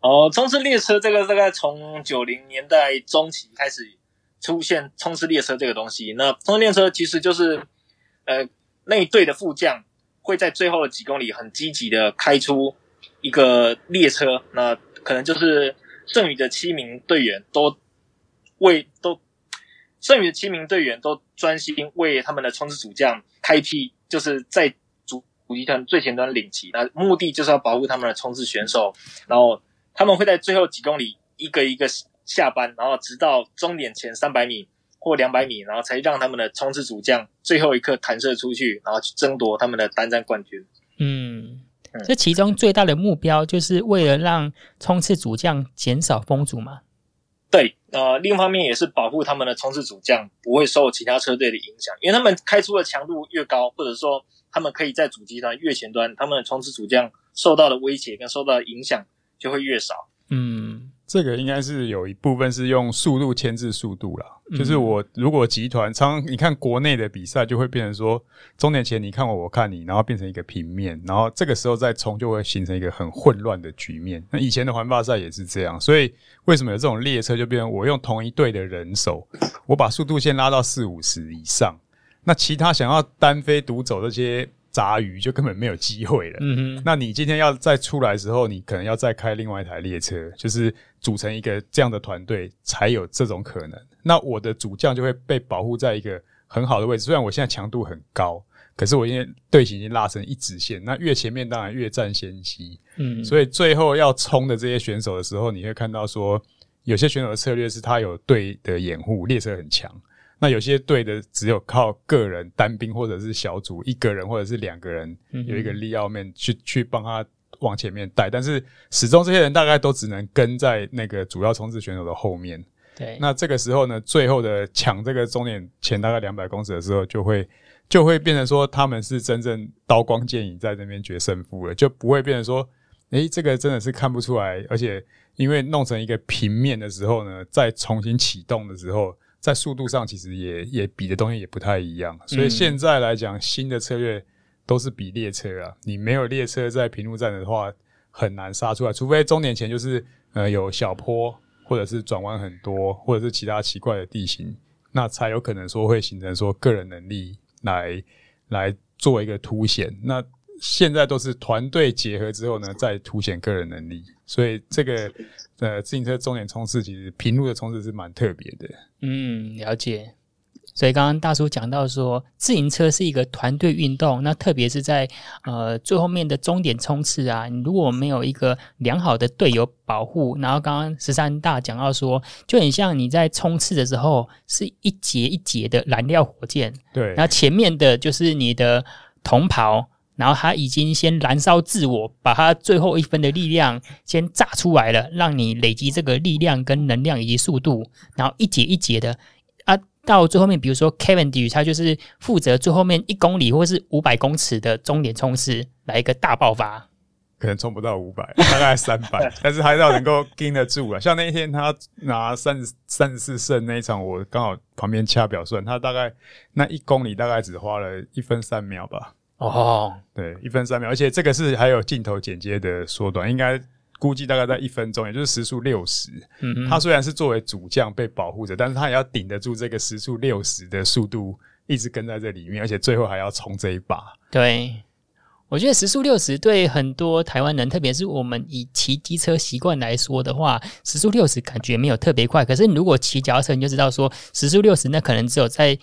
哦，衝刺列車這個大概從九零年代中期開始出現，衝刺列車這個東西，那衝刺列車其實就是，呃，那一隊的副將會在最後的幾公里很積極的開出一個列車，那可能就是剩餘的七名隊員都為都剩餘的七名隊員都專心為他們的衝刺主將開闢，就是在主集團最前端領騎，那目的就是要保護他們的衝刺選手，然後。他們會在最後幾公里一個一個下班，然後直到終點前三百米或兩百米，然後才讓他們的衝刺主將最後一刻彈射出去，然後去爭奪他們的單站冠軍。嗯，嗯，這其中最大的目標就是為了讓衝刺主將減少風阻嗎？對，呃，另一方面也是保護他們的衝刺主將不會受其他車隊的影響，因為他們開出的強度越高，或者說他們可以在主集團越前端，他們的衝刺主將受到的威脅跟受到的影響就會越少。嗯，這個應該是有一部分是用速度牽制速度了。嗯、就是我如果集團，常常你看國內的比賽就會變成說，終點前你看我我看你，然後變成一個平面，然後這個時候再衝就會形成一個很混亂的局面。那以前的環法賽也是這樣，所以為什麼有這種列車就變成我用同一隊的人手，我把速度先拉到四五十以上，那其他想要單飛獨走這些。雜魚就根本沒有機會了。嗯哼，那你今天要再出來的時候，你可能要再開另外一台列車，就是組成一個這樣的團隊才有這種可能。那我的主將就會被保護在一個很好的位置，雖然我現在強度很高，可是我因為隊形已經拉成一直線，那越前面當然越佔先機。嗯，所以最後要衝的這些選手的時候，你會看到說，有些選手的策略是他有隊的掩護，列車很強。那有些隊的只有靠個人單兵或者是小組，一個人或者是兩個人，有一個 lead out man 去去幫他往前面帶，但是始終這些人大概都只能跟在那個主要衝刺選手的後面。對，那這個時候呢，最後的搶這個終點前大概兩百公尺的時候，就會就會變成說他們是真正刀光劍影在那邊決勝負了，就不會變成說，誒，這個真的是看不出來。而且因為弄成一個平面的時候呢，再重新啟動的時候。在速度上，其實也也比的東西也不太一樣，嗯、所以現在來講，新的策略都是比列車啊。你沒有列車在平路站的話，很難殺出來，除非終點前就是呃有小坡，或者是轉彎很多，或者是其他奇怪的地形，那才有可能說會形成說個人能力來來做一個凸顯。那現在都是團隊結合之後呢，再凸顯個人能力，所以這個呃，自行車終點衝刺其實平路的衝刺是蠻特別的。嗯，了解。所以剛剛大叔講到說，自行車是一個團隊運動，那特別是在呃最後面的終點衝刺啊，你如果沒有一個良好的隊友保護，然後剛剛十三大講到說，就很像你在衝刺的時候是一節一節的燃料火箭，對，那前面的就是你的同袍。然後他已經先燃燒自我，把他最後一分的力量先炸出來了，讓你累積這個力量跟能量以及速度，然後一節一節的啊，到最後面，比如說 Kevin D，他就是負責最後面一公里或是五百公尺的終點衝刺，來一個大爆發，可能衝不到五百，大概三百，但是還是要能夠盯得住啊。像那一天他拿三十三十四勝那一場，我剛好旁邊掐表算，他大概那一公里大概只花了一分三秒吧。哦，oh. 對，一分三秒，而且這個是還有鏡頭剪接的縮短，應該估計大概在一分鐘，也就是時速六十、mm。嗯，他雖然是作為主將被保護着，但是他也要頂得住這個時速六十的速度，一直跟在這裡面，而且最後還要衝這一把。對，我覺得時速六十對很多台灣人，特別是我們以騎機車習慣來說的話，時速六十感覺沒有特別快。可是你如果騎腳踏車，你就知道說時速六十，那可能只有在。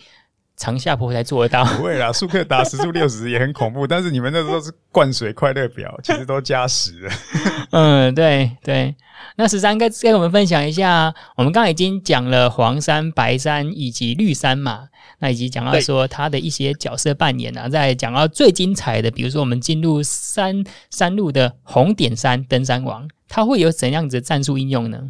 長下坡才做得到。不會啦，舒克打十速六十也很恐怖， 但是你們那時候是灌水快樂表，其實都加十。嗯，對對。那十三哥跟我們分享一下，我們剛剛已經講了黃山、白山以及綠山嘛，那以及講到說他的一些角色扮演啊，在講對到最精彩的，比如說我們進入山山路的紅點山登山網，它會有怎樣子的戰術應用呢？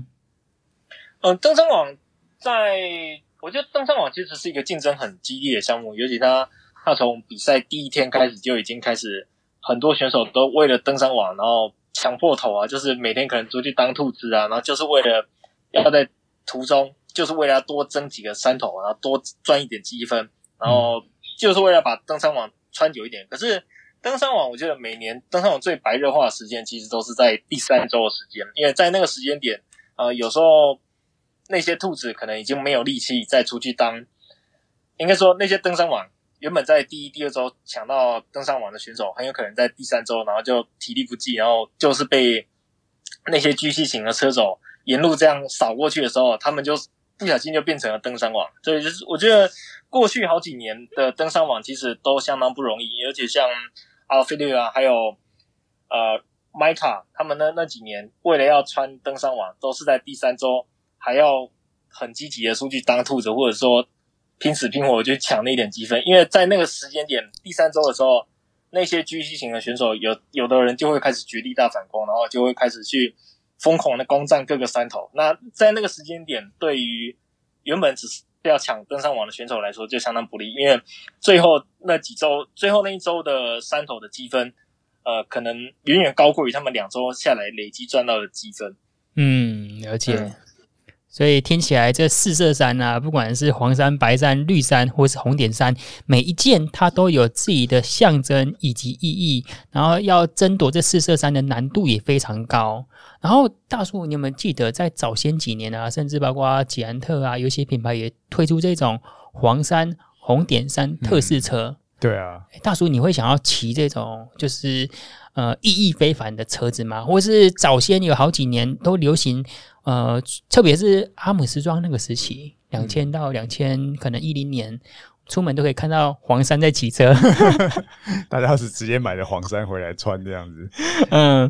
嗯，登山網在。我覺得登山王其實是一個競爭很激烈的項目，尤其他他從比賽第一天開始就已經開始，很多選手都為了登山王，然後搶破頭啊，就是每天可能出去當兔子啊，然後就是為了要在途中，就是為了多爭幾個山頭，啊，然後多賺一點積分，然後就是為了把登山王穿久一點。可是登山王，我覺得每年登山王最白熱化的時間，其實都是在第三周的時間，因為在那個時間點，啊、呃，有時候。那些兔子可能已經沒有力氣再出去當，應該說那些登山王原本在第一、第二週搶到登山王的選手，很有可能在第三週，然後就體力不濟，然後就是被那些機器型的車手沿路這樣掃過去的時候，他們就不小心就變成了登山王。所以就是我覺得過去好幾年的登山王其實都相當不容易，而且像阿爾費里啊，還有呃麥卡，ica, 他們那那幾年為了要穿登山王，都是在第三週。還要很積極的出去當兔子，或者說拼死拼活去搶那一點積分，因為在那個時間點，第三周的時候，那些 GC 型的選手有有的人就會開始絕地大反攻，然後就會開始去瘋狂的攻佔各個山頭。那在那個時間點，對於原本只是要搶登山王的選手來說，就相當不利，因為最後那幾周，最後那一周的山頭的積分，呃，可能遠遠高過於他們兩周下來累積賺到的積分。嗯，了解。嗯所以聽起來，這四色山啊，不管是黃山、白山、綠山，或是紅點山，每一件它都有自己的象徵以及意義。然後要爭奪這四色山的難度也非常高。然後大叔，你有沒有記得在早先幾年啊，甚至包括捷安特啊，有些品牌也推出這種黃山紅點山特色車、嗯。對啊，大叔，你會想要騎這種就是呃意義非凡的車子嗎？或是早先有好幾年都流行。呃，特別是阿姆斯壯那個時期，兩千到兩千、嗯，可能一零年，出門都可以看到黃衫在騎車， 大家要是直接買了黃衫回來穿這樣子。嗯，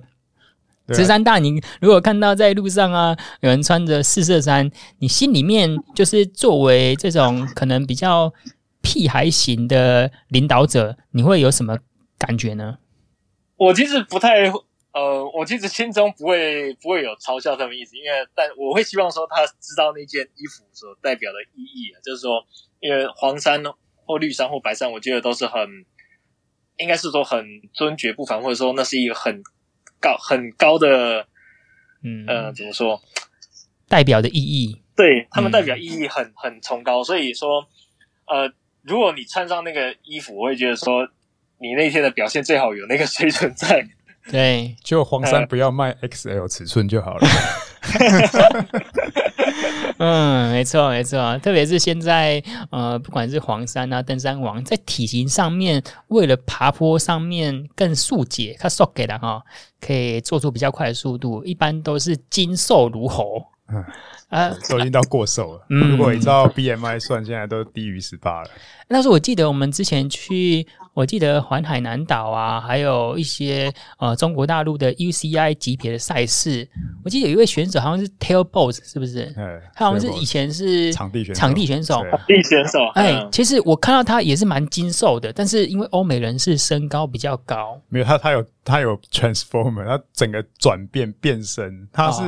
十、啊、三大，你如果看到在路上啊，有人穿着四色衫，你心裡面就是作為這種可能比較屁孩型的領導者，你會有什麼感覺呢？我其實不太。呃，我其實心中不會不會有嘲笑他們意思，因為但我會希望說他知道那件衣服所代表的意義，就是說，因為黃衫或綠衫或白衫，我覺得都是很，應該是說很尊爵不凡，或者說那是一個很高很高的，嗯呃，怎麼說代表的意義？對他們代表意義很、嗯、很崇高，所以說呃，如果你穿上那個衣服，我會覺得說你那天的表現最好有那個水準在。對，就黃山不要賣 XL 尺寸就好了。 嗯，沒錯沒錯，特別是現在呃，不管是黃山啊，登山王在體型上面，為了爬坡上面更速捷，它瘦給了哈，可以做出比較快的速度，一般都是精瘦如猴啊，嗯，都已經到過瘦了。呃嗯，如果你照 BMI 算，現在都低於十八了。 那時候我記得我們之前去。我記得環海南島啊，還有一些呃中國大陸的 UCI 級別的賽事。我記得有一位選手好像是 Theo Bos，是不是？欸、他好像是以前是場地選手場地選手，場地選手。哎對、欸，其實我看到他也是蠻精瘦的，但是因為歐美人是身高比較高。沒有他，他有他有 Transformer，他整個轉變變身。他是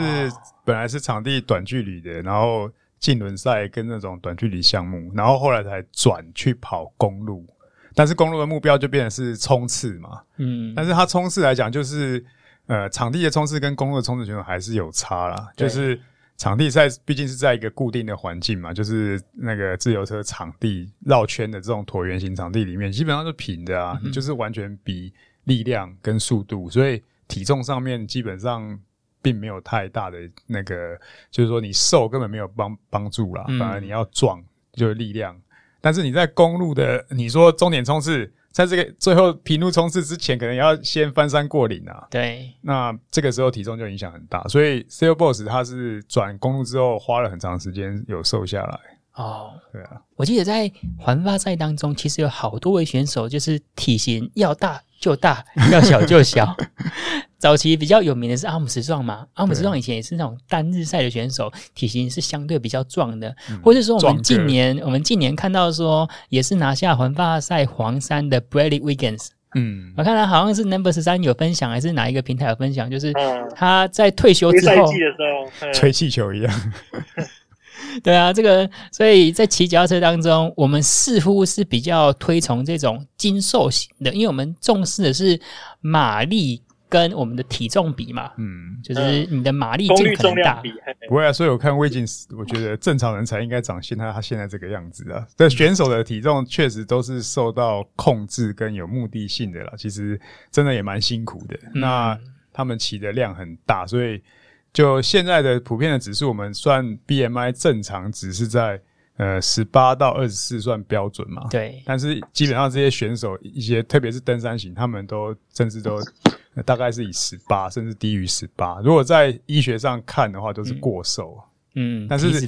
本來是場地短距離的，然後競輪賽跟那種短距離項目，然後後來才轉去跑公路。但是公路的目標就變成是衝刺嘛，嗯，但是它衝刺來講，就是呃場地的衝刺跟公路的衝刺其實還是有差啦。就是場地在畢竟是在一個固定的環境嘛，就是那個自由車場地繞圈的這種橢圓形場地裡面，基本上是平的啊，就是完全比力量跟速度，所以體重上面基本上並沒有太大的那個，就是說你瘦根本沒有幫幫助啦，反而你要壯就是力量。但是你在公路的，你說終點衝刺，在這個最後平路衝刺之前，可能也要先翻山過嶺啊。對，那這個時候體重就影響很大，所以 c o boss 他是轉公路之後花了很長時間有瘦下來。哦，oh, 對啊、我記得在環法賽當中，其實有好多位選手，就是體型要大就大，要小就小。 早期比較有名的是對阿姆斯壯嘛，阿姆斯壯以前也是那種單日賽的選手，體型是相對比較壯的。嗯、或是說，我們近年我們近年看到說，也是拿下環法賽黃衫的 Bradley Wiggins。嗯，我看他好像是 Number 十三有分享，還是哪一個平台有分享？就是他在退休之後，嗯、吹氣球一樣。 對啊，這個，所以在騎腳踏車當中，我們似乎是比較推崇這種精瘦型的，因為我們重視的是馬力跟我們的體重比嘛。嗯，就是你的馬力盡可能大。大不會啊，所以我看維金斯，我覺得正常人才應該長現在他現在這個樣子啊。對，選手的體重確實都是受到控制跟有目的性的啦。其實真的也蠻辛苦的。那他們騎的量很大，所以。就現在的普遍的指數，我們算 BMI 正常值是在呃十八到二十四算標準嘛。對。但是基本上這些選手，一些特別是登山型，他們都甚至都大概是以十八 甚至低於十八。如果在醫學上看的話，都是過瘦。嗯。但是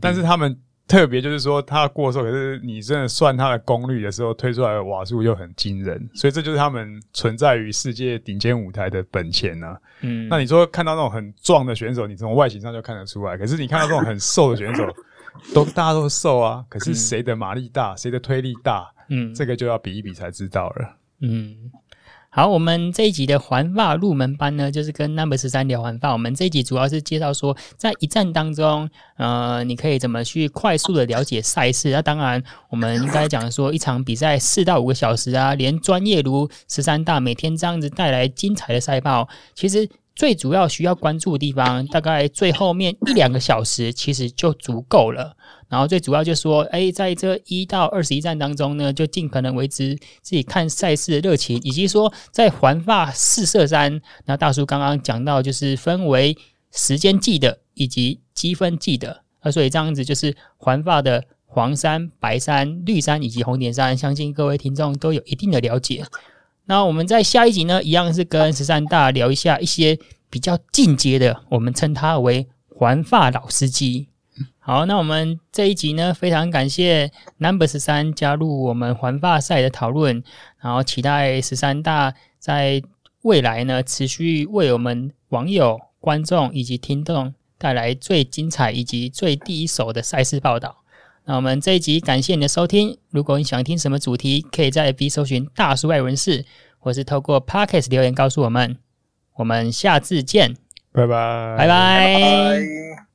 但是他們。特別就是說，他的過瘦，可是你真的算他的功率的時候，推出來的瓦數又很驚人，所以這就是他們存在於世界頂尖舞台的本錢吶。嗯，那你說看到那種很壯的選手，你從外形上就看得出來，可是你看到這種很瘦的選手， 都大家都瘦啊，可是誰的馬力大，誰的推力大，嗯，這個就要比一比才知道了。嗯。好，我們這一集的環法入門班呢，就是跟 Number 十三聊環法。我們這一集主要是介紹說，在一站當中，呃，你可以怎麼去快速的了解賽事。那當然，我們應該講說，一場比賽四到五個小時啊，連專業如十三大每天這樣子帶來精彩的賽報，其實。最主要需要關注的地方，大概最後面一兩個小時其實就足夠了。然後最主要就是說，誒、欸、在這一到二十一站當中呢，就盡可能維持自己看賽事的熱情，以及說在環法四色衫，那大叔剛剛講到就是分為時間計的以及積分計的，那所以這樣子就是環法的黃衫、白衫、綠衫以及紅點衫，相信各位聽眾都有一定的了解。那我們在下一集呢，一樣是跟十三大聊一下一些比較進階的，我們稱他為“環法老司機”。好，那我們這一集呢，非常感謝 Number 十三加入我們環法賽的討論，然後期待十三大在未來呢，持續為我們網友、觀眾以及聽眾帶來最精彩以及最第一手的賽事報道。那我們這一集感謝你的收聽。如果你想聽什麼主題，可以在 FB 搜尋“大叔外人事”，或是透過 Podcast 留言告訴我們。我們下次見，拜拜，拜拜。拜拜。